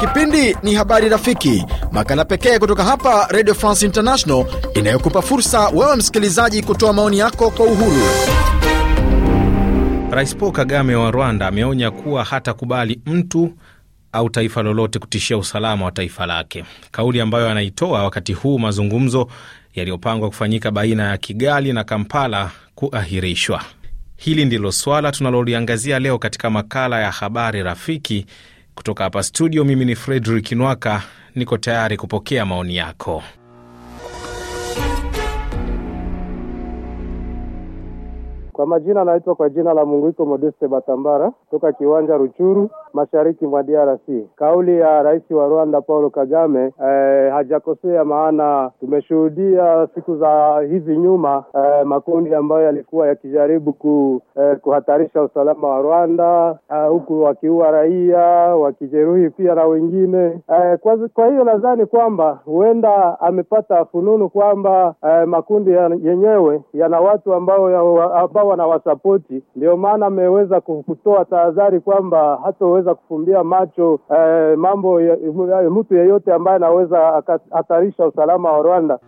Kipindi ni Habari Rafiki, makala pekee kutoka hapa Radio France International inayokupa fursa wewe msikilizaji kutoa maoni yako kwa uhuru. Rais Paul Kagame wa Rwanda ameonya kuwa hatakubali mtu au taifa lolote kutishia usalama wa taifa lake, kauli ambayo anaitoa wakati huu mazungumzo yaliyopangwa kufanyika baina ya Kigali na Kampala kuahirishwa. Hili ndilo swala tunaloliangazia leo katika makala ya habari rafiki kutoka hapa studio. Mimi ni Fredrik Nwaka, niko tayari kupokea maoni yako. Kwa majina anaitwa kwa jina la Munguiko Modeste Batambara toka kiwanja Ruchuru mashariki mwa DRC. Kauli ya rais wa Rwanda Paul Kagame eh, hajakosea, maana tumeshuhudia siku za hivi nyuma eh, makundi ambayo yalikuwa yakijaribu ku, eh, kuhatarisha usalama wa Rwanda eh, huku wakiua raia wakijeruhi pia na wengine eh, kwa, kwa hiyo nadhani kwamba huenda amepata fununu kwamba eh, makundi ya, yenyewe yana watu ambao ya, ambao wanawasapoti, ndio maana ameweza kutoa tahadhari kwamba hataweza kuweza kufumbia macho eh, mambo ya, mtu yeyote ambaye anaweza akahatarisha usalama wa Rwanda.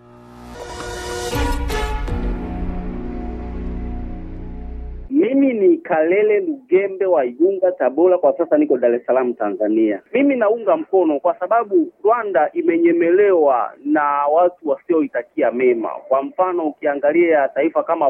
Mimi ni Kalele Lugembe wa Igunga, Tabora. Kwa sasa niko Dar es Salaam, Tanzania. Mimi naunga mkono kwa sababu Rwanda imenyemelewa na watu wasioitakia mema. Kwa mfano, ukiangalia taifa kama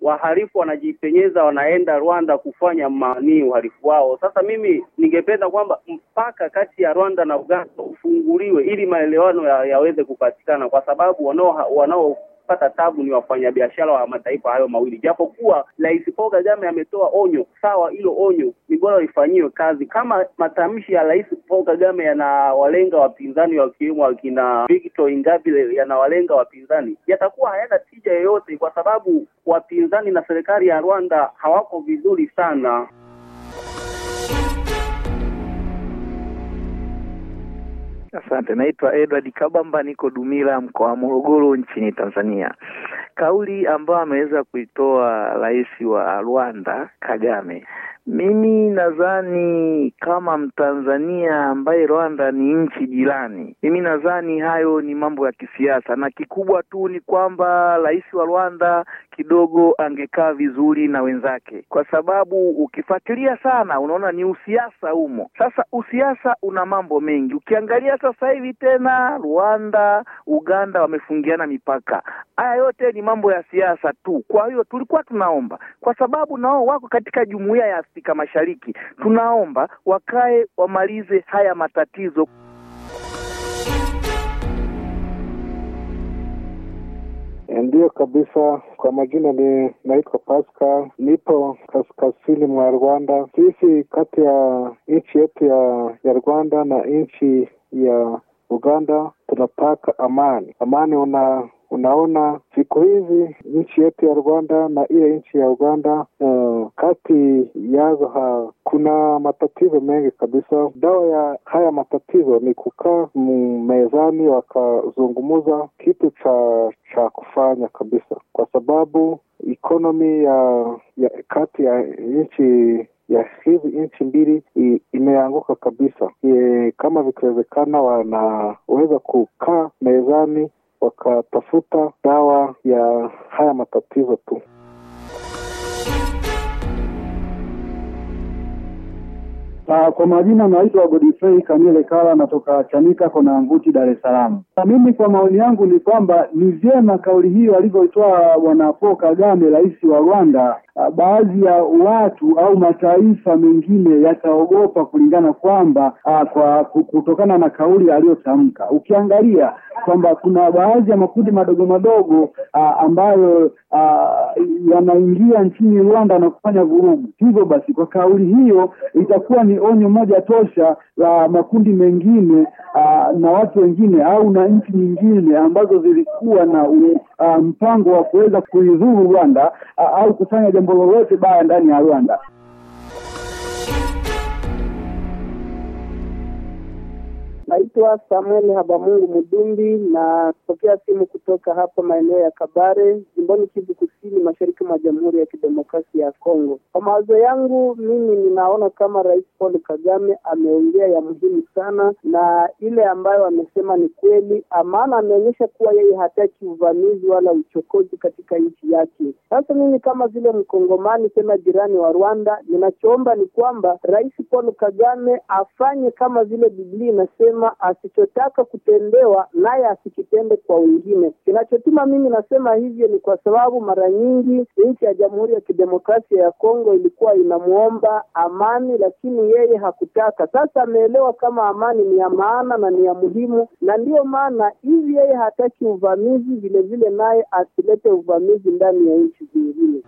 wahalifu wanajipenyeza, wanaenda Rwanda kufanya mani uhalifu wao. Sasa mimi ningependa kwamba mpaka kati ya Rwanda na Uganda ufunguliwe ili maelewano yaweze ya kupatikana, kwa sababu wanao wanao kupata tabu ni wafanyabiashara wa mataifa hayo mawili, japokuwa Rais Paul Kagame ametoa onyo. Sawa, hilo onyo ni bora lifanyiwe kazi. Kama matamshi ya Rais Paul Kagame yanawalenga wapinzani, wakiwemo wakina Victor Ingabire, yanawalenga wapinzani, yatakuwa hayana tija yoyote, kwa sababu wapinzani na serikali ya Rwanda hawako vizuri sana. Asante, naitwa Edward Kabamba, niko Dumila, mkoa wa Morogoro, nchini Tanzania. Kauli ambayo ameweza kuitoa rais wa Rwanda Kagame mimi nadhani kama Mtanzania ambaye Rwanda ni nchi jirani, mimi nadhani hayo ni mambo ya kisiasa, na kikubwa tu ni kwamba rais wa Rwanda kidogo angekaa vizuri na wenzake, kwa sababu ukifuatilia sana unaona ni usiasa humo Sasa usiasa una mambo mengi. Ukiangalia sasa hivi tena Rwanda, Uganda wamefungiana mipaka. Haya yote ni mambo ya siasa tu. Kwa hiyo tulikuwa tunaomba, kwa sababu nao wako katika jumuiya ya Afrika Mashariki. Tunaomba wakae wamalize haya matatizo. Ndiyo kabisa. Kwa majina ni naitwa Pascal, nipo kaskazini mwa Rwanda. Sisi kati ya nchi yetu ya, ya Rwanda na nchi ya Uganda tunataka amani. Amani una Unaona, siku hizi nchi yetu ya Rwanda na ile nchi ya Uganda uh, kati yazo ha, kuna matatizo mengi kabisa. Dawa ya haya matatizo ni kukaa mezani, wakazungumza kitu cha cha kufanya kabisa, kwa sababu ikonomi ya, ya kati ya nchi ya hizi nchi mbili imeanguka kabisa. E, kama vikiwezekana wanaweza kukaa mezani wakatafuta dawa ya haya matatizo tu. Kwa majina naitwa Godfrey Kamile Kala, natoka Chanika kona Nguti, Dar es Salaam. Na mimi kwa maoni yangu ni kwamba ni vyema kauli hiyo alivyoitoa bwana Paul Kagame, rais wa Rwanda, Ah, baadhi ya watu au mataifa mengine yataogopa kulingana kwamba ah, kwa kutokana na kauli aliyotamka. Ukiangalia kwamba kuna baadhi ya makundi madogo madogo a, ah, ambayo yanaingia nchini Rwanda na kufanya vurugu. Hivyo basi, kwa kauli hiyo itakuwa ni onyo moja tosha la makundi mengine a, na watu wengine au na nchi nyingine ambazo zilikuwa na u, mpango wa kuweza kuizuru Rwanda au kufanya jambo lolote baya ndani ya Rwanda. Naitwa Samuel Habamungu Mudumbi na simu kutoka hapa maeneo ya Kabare, jimboni Kivu Kusini, mashariki mwa Jamhuri ya Kidemokrasia ya Kongo. Kwa mawazo yangu mimi, ninaona kama Rais Paul Kagame ameongea ya muhimu sana, na ile ambayo amesema ni kweli, maana ameonyesha kuwa yeye hataki uvamizi wala uchokozi katika nchi yake. Sasa mimi kama vile Mkongomani, tena jirani wa Rwanda, ninachoomba ni kwamba Rais Paul Kagame afanye kama vile Biblia inasema anasema asichotaka kutendewa naye asikitende kwa wengine. Kinachotuma mimi nasema hivyo ni kwa sababu mara nyingi nchi ya Jamhuri ya Kidemokrasia ya Kongo ilikuwa inamwomba amani, lakini yeye hakutaka. Sasa ameelewa kama amani ni ya maana na ni ya muhimu, na ndiyo maana hivi yeye hataki uvamizi, vilevile naye asilete uvamizi ndani ya nchi zingine.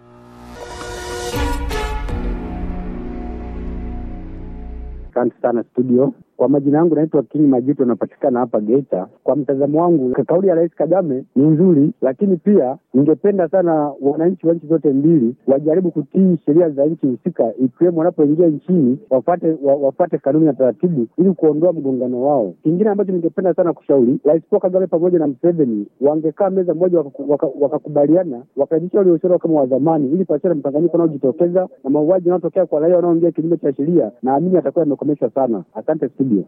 Asante sana studio. Kwa majina yangu naitwa King Majuto, napatikana hapa Geita. Kwa mtazamo wangu, kauli ya Rais Kagame ni nzuri, lakini pia ningependa sana wananchi wa nchi zote mbili wajaribu kutii sheria za nchi husika, ikiwemo wanapoingia nchini wafate wa, wafate kanuni na taratibu ili kuondoa mgongano wao. Kingine ambacho ningependa sana kushauri Rais Paul Kagame pamoja na Mseveni wangekaa meza moja wakakubaliana waka, waka wakaanzisha ule ushirika kama wa zamani, ili pasiwe na mkanganyiko unaojitokeza na mauaji yanayotokea kwa raia wanaoingia kinyume cha sheria. Naamini atakuwa yamekomeshwa sana. Asante studio.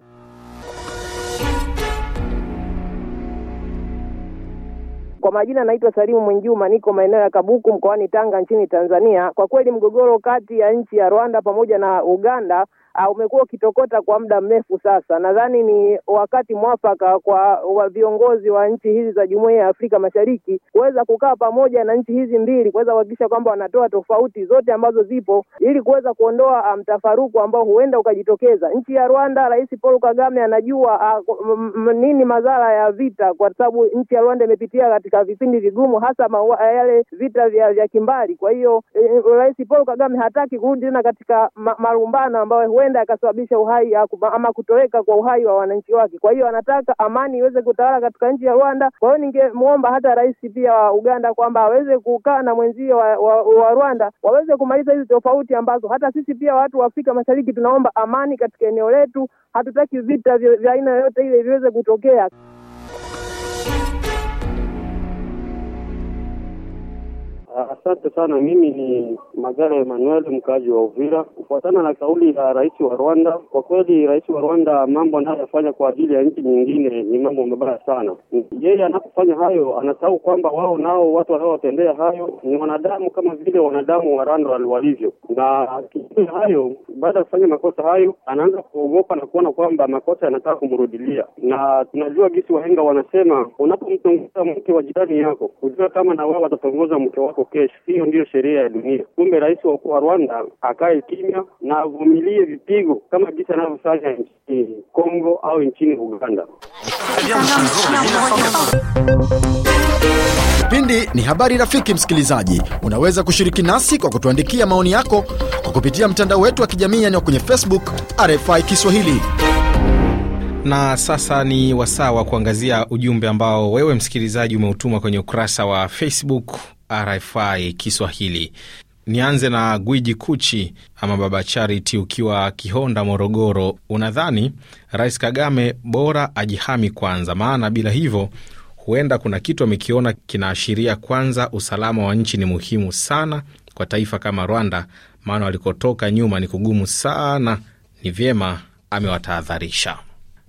Kwa majina naitwa Salimu Mwinjuma, niko maeneo ya Kabuku mkoani Tanga nchini Tanzania. Kwa kweli mgogoro kati ya nchi ya Rwanda pamoja na Uganda Ah, umekuwa ukitokota kwa muda mrefu sasa. Nadhani ni wakati mwafaka kwa wa viongozi wa nchi hizi za Jumuiya ya Afrika Mashariki kuweza kukaa pamoja na nchi hizi mbili kuweza kuhakikisha kwamba wanatoa tofauti zote ambazo zipo ili kuweza kuondoa mtafaruku um, ambao huenda ukajitokeza. Nchi ya Rwanda, Rais Paul Kagame anajua a, ah, m, m, nini madhara ya vita, kwa sababu nchi ya Rwanda imepitia katika vipindi vigumu, hasa eh, yale vita vya, vya kimbali. Kwa hiyo e, Rais Paul Kagame hataki kurudi tena katika ma, marumbano ambayo huenda akasababisha uhai ama kutoweka kwa uhai wa wananchi wake. Kwa hiyo anataka amani iweze kutawala katika nchi ya Rwanda. Kwa hiyo ningemwomba hata rais pia wa Uganda kwamba aweze kukaa na mwenzio wa, wa, wa Rwanda waweze kumaliza hizi tofauti ambazo hata sisi pia watu wa Afrika Mashariki tunaomba amani katika eneo letu. Hatutaki vita vya aina yoyote ile viweze kutokea. Asante sana. Mimi ni Magala Emmanuel, mkaaji wa Uvira. Kufuatana na kauli ya rais wa Rwanda, kwa kweli rais wa Rwanda mambo anayoyafanya kwa ajili ya nchi nyingine ni mambo mabaya sana. Yeye anapofanya hayo, anasahau kwamba wao nao watu wanaowatendea hayo ni wanadamu kama vile wanadamu wa Rwanda walivyo, na kinyume hayo, baada ya kufanya makosa hayo, anaanza kuogopa na kuona kwamba makosa yanataka kumrudilia, na tunajua gisi wahenga wanasema, unapomtongoza mke wa jirani yako, hujua kama na wewe watatongoza mke wako kesho hiyo ndiyo sheria ya dunia. Kumbe rais wa Rwanda akae kimya na avumilie vipigo kama jinsi anavyofanya nchini Kongo au nchini Uganda. Kipindi ni habari. Rafiki msikilizaji, unaweza kushiriki nasi kwa kutuandikia maoni yako kwa kupitia mtandao wetu wa kijamii, yani kwenye Facebook RFI Kiswahili. Na sasa ni wasaa wa kuangazia ujumbe ambao wewe msikilizaji umeutuma kwenye ukurasa wa Facebook RFI Kiswahili. Nianze na Gwiji Kuchi ama Baba chariti ukiwa Kihonda, Morogoro. Unadhani Rais Kagame bora ajihami kwanza, maana bila hivyo huenda kuna kitu amekiona kinaashiria. Kwanza, usalama wa nchi ni muhimu sana kwa taifa kama Rwanda, maana walikotoka nyuma ni kugumu sana. Ni vyema amewatahadharisha.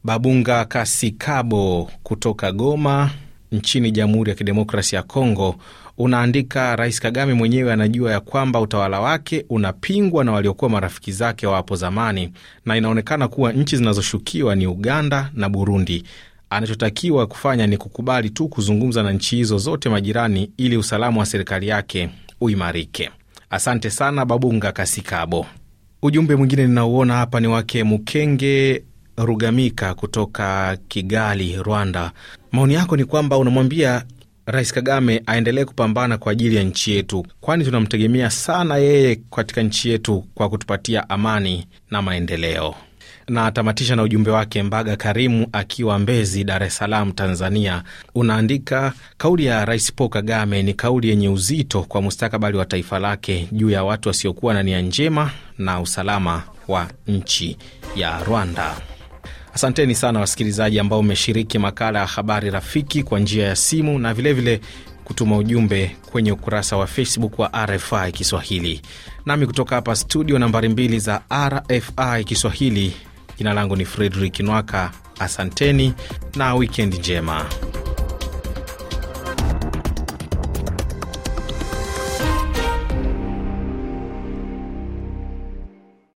Babunga Kasikabo kutoka Goma nchini Jamhuri ya Kidemokrasia ya Kongo unaandika, Rais Kagame mwenyewe anajua ya kwamba utawala wake unapingwa na waliokuwa marafiki zake wa hapo zamani, na inaonekana kuwa nchi zinazoshukiwa ni Uganda na Burundi. Anachotakiwa kufanya ni kukubali tu kuzungumza na nchi hizo zote majirani ili usalama wa serikali yake uimarike. Asante sana Babunga Kasikabo. Ujumbe mwingine ninauona hapa ni wake Mukenge Rugamika kutoka Kigali, Rwanda. Maoni yako ni kwamba unamwambia Rais Kagame aendelee kupambana kwa ajili ya nchi yetu, kwani tunamtegemea sana yeye katika nchi yetu kwa kutupatia amani na maendeleo. Na atamatisha na ujumbe wake Mbaga Karimu akiwa Mbezi, Dar es Salaam, Tanzania. Unaandika, kauli ya Rais Paul Kagame ni kauli yenye uzito kwa mustakabali wa taifa lake juu ya watu wasiokuwa na nia njema na usalama wa nchi ya Rwanda. Asanteni sana wasikilizaji ambao umeshiriki makala ya habari rafiki kwa njia ya simu na vilevile vile kutuma ujumbe kwenye ukurasa wa Facebook wa RFI Kiswahili. Nami kutoka hapa studio nambari mbili za RFI Kiswahili, jina langu ni fredrick Nwaka. Asanteni na wikendi njema.